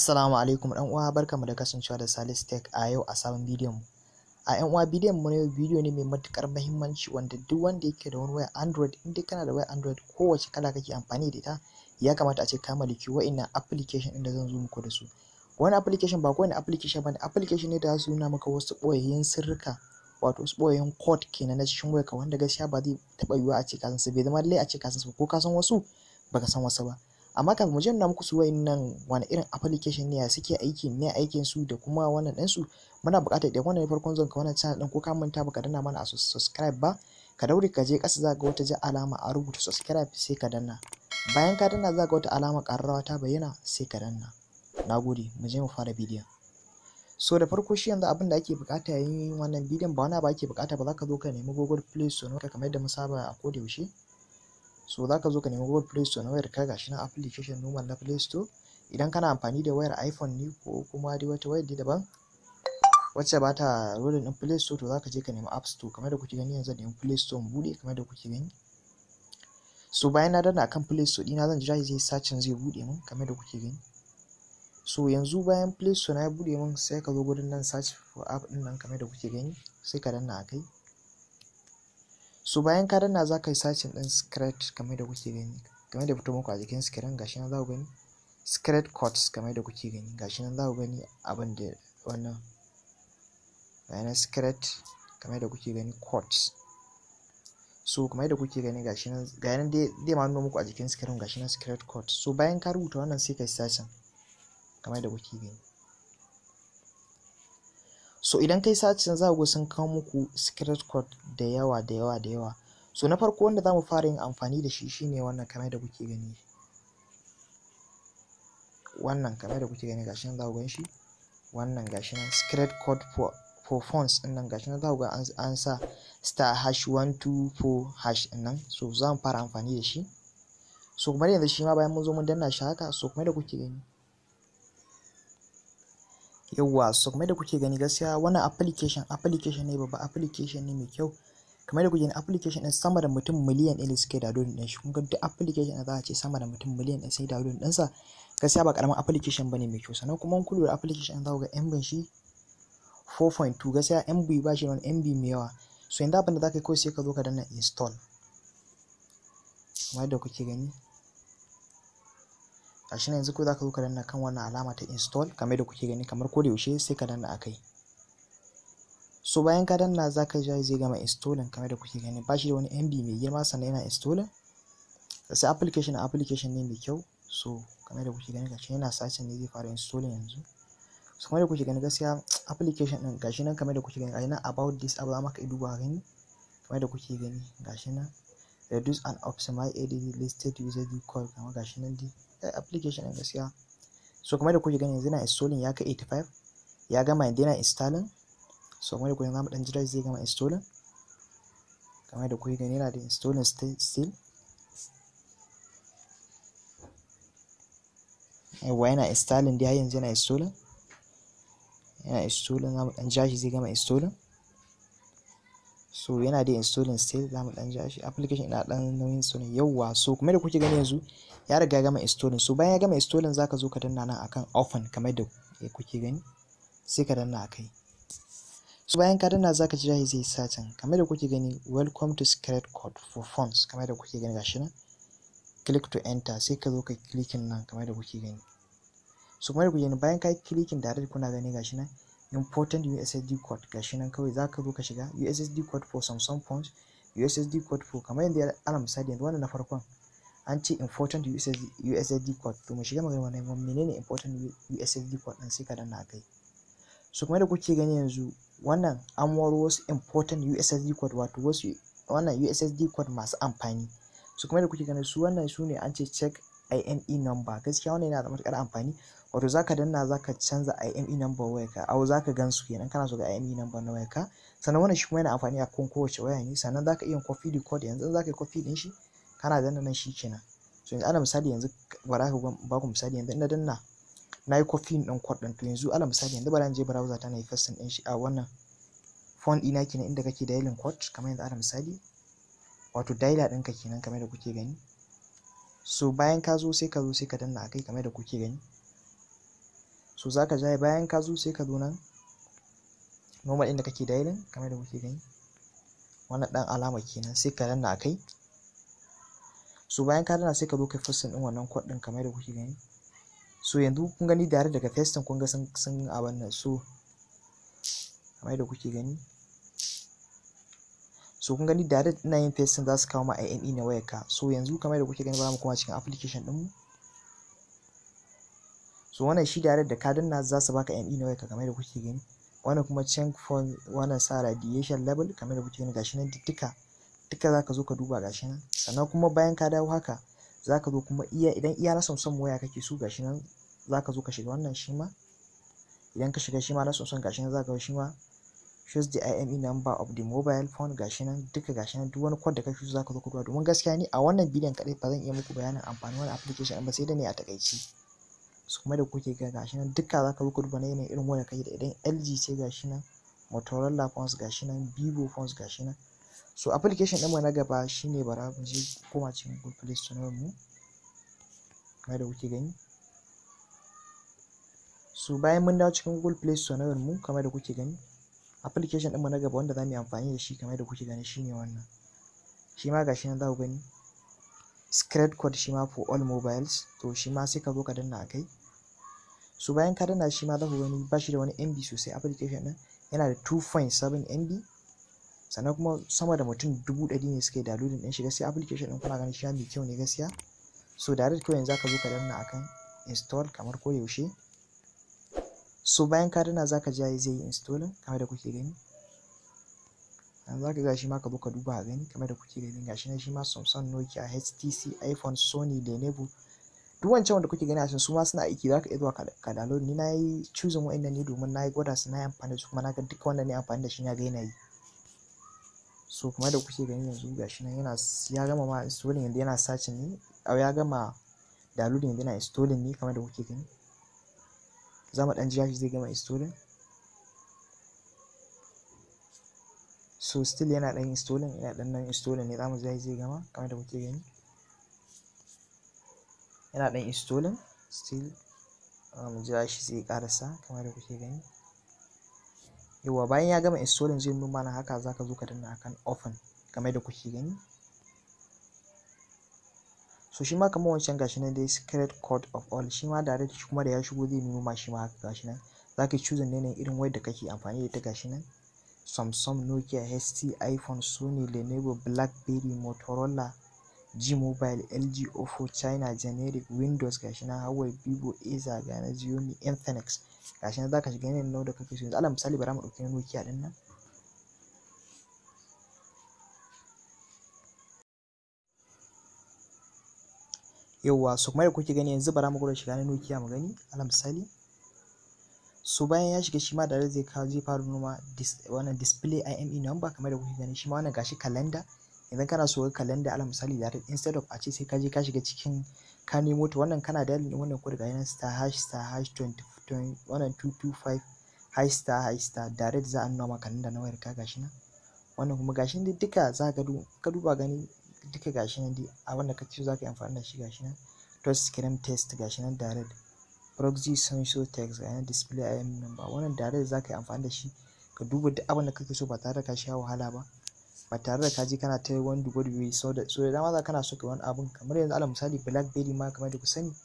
Assalamu alaikum ɗan uwa barkamu da kasancewa da salis Tech a yau a sabon bidiyon mu. A ƴan uwa bidiyon mu ne bidiyo ne mai matukar muhimmanci wanda duk wanda yake da wani wayar Android in dai kana da wayar Android kowace kala kake amfani da ita ya kamata a ce ka mallaki wa'innan application ɗin da zan zo muku da su. Wani application ba kowane application bane application ne da za su nuna maka wasu ɓoyayyen sirrika wato wasu ɓoyayyen code kenan na cikin wayarka wanda gaskiya ba zai taɓa yiwuwa a ce ka san su bai zama lallai a ce ka san su ko ka san wasu baka san wasu ba. amma kafin mu je na muku su wayannan wani irin application ne suke aiki ne aikin su da kuma wannan ɗin su muna buƙatar da wannan farkon zan ka wannan channel din ko ka manta baka danna mana a subscribe ba ka daure ka je kasa za ga wata ja alama a rubuta subscribe sai ka danna bayan ka danna zaka ga wata alama ƙararrawa ta bayyana sai ka danna nagode mu je mu fara bidiyon so da farko shi yanzu abin da ake bukata yayin wannan bidiyon ba wani ba ake bukata ba za zo ka nemi google play store kamar yadda mu saba a koda yaushe so za ka zo ka nemi google play store na wayar ka gashi na application normal na play store idan kana amfani da wayar iphone ne ko kuma dai wata wayar daban wacce ba ta rolling din play store to za ka je ka nemi app store kamar da kuke gani yanzu da play store bude kamar da kuke gani so bayan na danna akan play store dina zan jira zai sacin zai bude min kamar da kuke gani so yanzu bayan play store na ya bude min sai ka zo gurin nan search for app din nan kamar da kuke gani sai ka danna akai so bayan ka danna za ka yi searching ɗin skirt kamar da kuke gani kamar da fito muku a jikin screen gashi nan za ku gani skirt codes kamar da kuke gani gashi nan za ku gani abin da wannan bayan skirt kamar da kuke gani codes so kamar da kuke gani gashi nan ga yanan dai dai ma nuna muku a jikin screen gashi nan skirt codes so bayan ka rubuta wannan sai ka yi searching kamar da kuke gani so idan kai sacin za ku sun kawo muku secret code da yawa da yawa da yawa so na farko wanda za mu fara yin amfani da shi shine wannan kamar da kuke gani wannan kamar da kuke gani gashi nan za ku gan shi wannan gashi nan secret code for for phones din nan gashi nan za ku ga an sa star hash 124 hash din nan so za mu fara amfani da shi so kuma yanzu shi ma bayan mun zo mun danna shi haka so kuma da kuke gani yawwa so kamar da kuke gani gaskiya wannan application application ne babba application ne mai kyau kamar da kuke gani application din sama da mutum miliyan ne suke da download din shi kun ga duk application da za a ce sama da mutum miliyan ɗin, sai da download din sa gaskiya ba karaman application bane mai kyau sannan kuma kun lura application din za ku ga MB shi 4.2 gaskiya MB ba shi da MB mai yawa so yanzu abin da za ka yi kawai sai ka zo ka danna install kamar da kuke gani gashi nan yanzu ko zaka zo ka danna kan wannan alama ta install kamar da kuke gani kamar ko da yaushe sai ka danna akai so bayan ka danna zaka ji zai gama installing kamar da kuke gani bashi da wani MB mai girma sannan yana installing sai application application ne mai kyau so kamar da kuke gani gashi yana sacin ne zai fara installing yanzu so kamar da kuke gani gaskiya application din gashi nan kamar da kuke gani gashi about this abu za maka duba gani kamar da kuke gani gashi nan reduce and optimize ADD listed user call kamar gashi nan dai Eh, application ɗin gaskiya so kamar da kuke gani yanzu na installing ya kai 85 ya gama yanzu na installing so kamar da kuke zamu dan jira zai gama installing kamar da kuke gani yana da installing still yawa yana installing dai yanzu yana installing yana installing zamu dan jira shi zai gama installing so yana da installing still zamu dan ja shi application ina dan nauyin sunan yawa so kuma da kuke gani yanzu ya riga gama installing so bayan ya gama installing zaka zo ka danna nan akan open kamar da kuke gani sai ka danna akai so bayan ka danna zaka jira zai satin kamar da kuke gani welcome to secret code for phones kamar da kuke gani gashi nan click to enter sai ka zo ka clicking nan kamar da kuke gani so kamar da kuke gani bayan ka clicking da kuna gani gashi nan important USSD code gashi nan kawai zaka zo ka shiga USSD code for Samsung phones USSD code for kamar yadda ana misali yanzu wannan na farkon an ce important USSD code to mu shiga magana wannan menene important USSD code din sai ka danna kai so kuma da kuke gani yanzu wannan an waro wasu important USSD code wato wasu wannan USSD code masu amfani so kuma da kuke gani su wannan su ne an ce check IME number gaskiya wannan yana da matukar amfani wato zaka danna zaka canza IME number wayarka au zaka gansu kenan kana so ga IME number na wayarka sannan wannan shi kuma yana amfani a kowace waya ne sannan zaka iya copy the code yanzu zaka copy din shi kana da nan shikenan so yanzu ana misali yanzu bara ka ba ku misali yanzu ina danna na yi copying ɗin code ɗin to yanzu ala misali yanzu bara je browser ta na yi first ɗin shi a wannan phone ina kenan inda kake dialing code kamar yanzu ala misali wato dialer ɗinka kenan kamar da kuke gani so bayan ka zo sai ka zo sai ka danna akai kamar da kuke gani so za ka jaye bayan ka zo sai ka zo nan normal inda kake dialing kamar da kuke gani wannan ɗan alama kenan sai ka danna akai so bayan ka dana sai ka zo kai fasting din wannan code din kamar da kuke gani so yanzu kun gani da daga fasting kun ga sun sun abin nan so kamar da kuke gani so kun gani direct ina yin pasting za su kawo ma IME na wayarka so yanzu kamar da kuke gani ba mu koma cikin application din mu so wannan shi direct da ka za su baka IME na wayarka kamar da kuke gani wannan kuma change phone wannan sa radiation level kamar da kuke gani gashi nan duka duka za ka zo ka duba gashi nan sannan kuma bayan ka dawo haka za ka zo kuma iya idan iya na samson waya kake so gashi nan za ka zo ka shiga wannan shi ma idan ka shiga shi ma na samson gashi nan za ka shi ma choose the IME number of the mobile phone gashi nan duka gashi nan duk wani code da kake so za ka zo ka duba domin gaskiya ni a wannan bidiyon kadai ba zan iya muku bayanin amfanin wannan application ba sai da ne a takaici su kuma da kuke ga gashi nan duka za ka zo ka duba na yanayin irin wanda kake da idan LG ce gashi nan Motorola phones gashi nan Vivo phones gashi nan so application ɗinmu na gaba shine bara mu je koma cikin google play store mu kamar da kuke gani so bayan mun dawo cikin google play store na mu kamar da kuke gani application ɗinmu na gaba wanda za mu yi amfani da shi kamar da kuke gani shine wannan shi ma gashi nan za ku gani scred code shi ma for all mobiles to shi ma sai ka zo ka danna a kai so bayan ka danna shi ma za ku gani ba shi da wani mb sosai application ɗin yana da 2.7 mb sannan kuma sama da mutum dubu ɗari ne suka yi downloading ɗin shi gaskiya application ɗin kuna ganin shi mai kyau ne gaskiya so direct kawai yanzu ka zo ka danna akan install kamar ko yaushe so bayan ka danna zaka ji zai yi installing kamar da kuke gani yanzu zaka ga shi ma ka zo ka duba a gani kamar da kuke gani gashi nan shi ma Samsung Nokia HTC iPhone Sony Lenovo duk wancan wanda kuke gani a su ma suna aiki zaka iya zuwa ka download ni nayi choosing wa'annan ne domin nayi gwada su nayi amfani da su kuma na ga duka wanda ne amfani da shi na ga yana yi so kuma da kuke gani yanzu gashi nan yana ya gama ma installing yanzu yana searching ne ya gama downloading yanzu yana installing ne kamar da kuke gani za mu dan jira shi zai gama installing so still yana dan installing yana dan nan installing ne za mu jira zai gama kamar da kuke gani yana dan installing still mu jira shi zai karasa kamar da kuke gani yauwa bayan ya gama installing zai nuna mana haka zaka zo ka danna akan open kamar da kuke gani so shi ma kamar wancan gashi nan dai secret code of all shi ma direct shi kuma da ya shigo zai nuna ma shi ma haka gashi nan zaka choose ne ne irin wayar da kake amfani da ita gashi nan Samsung Nokia HT iPhone Sony Lenovo Blackberry Motorola G-Mobile, LG, Oppo, China, Generic, Windows gashi nan Huawei, Vivo, Acer ga na Xiaomi, Infinix gashi nan ka shiga yanayin nawa da kake so yanzu alal misali bara mu ɗauki Nokia din nan yawwa so kamar yadda kuke gani yanzu bara mu gwada shiga na Nokia mu gani alal misali so bayan ya shiga shi ma da zai kawo zai fara noma wannan display IME number kamar da kuke gani shi ma wannan gashi calendar idan kana so ka kalanda alal misali da instead of a ce sai ka je ka shiga cikin ka nemo ta wannan kana da din wannan code ga yanar star hash star hash 20 wannan 225 hash star hash star direct za a nuna maka kalanda na wayar ka gashi nan wannan kuma gashi ne duka za ka ka duba gani duka gashi nan dai wanda ka kace za ka yi amfani da shi gashi nan touch screen test gashi nan direct proxy sensor text ga yanar display IM number wannan direct za ka yi amfani da shi ka duba duk abin da kake so ba tare da ka sha wahala ba ba tare da kaji kana ta wani dubu dubu so da so da dama za kana so ka wani abun kamar yanzu ala misali blackberry ma kamar da ku sani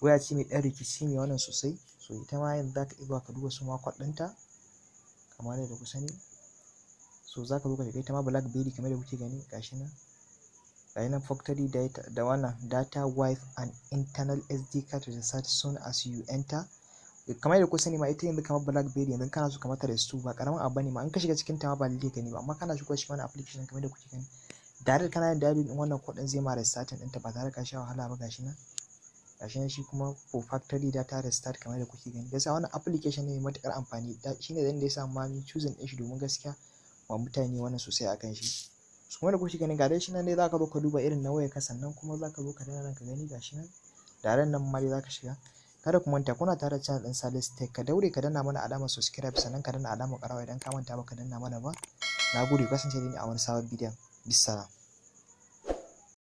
waya ce mai ɗan rikici ne wannan sosai so ita ma yanzu za ka iya ka duba su ma kwaɗinta kamar da ku sani so za ka zo ka shiga ita ma blackberry kamar da kuke gani gashi nan gashi nan factory data da wannan data wife and internal sd card research soon as you enter kamar da ku sani ma ita yanzu kamar blackberry yanzu kana so kamar mata restu ba karamin abu ne ma in ka shiga cikin ta ma ba lalle gani ba amma kana shigo cikin wani application kamar da kuke gani direct kana yin dialing din wannan code din zai ma restarting ta ba tare ka sha wahala ba gashi nan gashi nan shi kuma for factory data restart kamar da kuke gani gaskiya wannan application ne mai matukar amfani shine dan da yasa ma ni choosing din shi domin gaskiya wa mutane wannan sosai akan shi su kuma da kuke gani ga dai shi nan dai zaka zo ka duba irin na wayar ka sannan kuma zaka zo ka dana ka gani gashi nan da nan ma dai zaka shiga kada ku manta kuna tare da channel din Salis Tech ka daure ka danna mana alamar subscribe sannan ka danna alamar karawa idan ka manta ba ka danna mana ba nagode kasance da ni a wani sabon bidiyon bisalam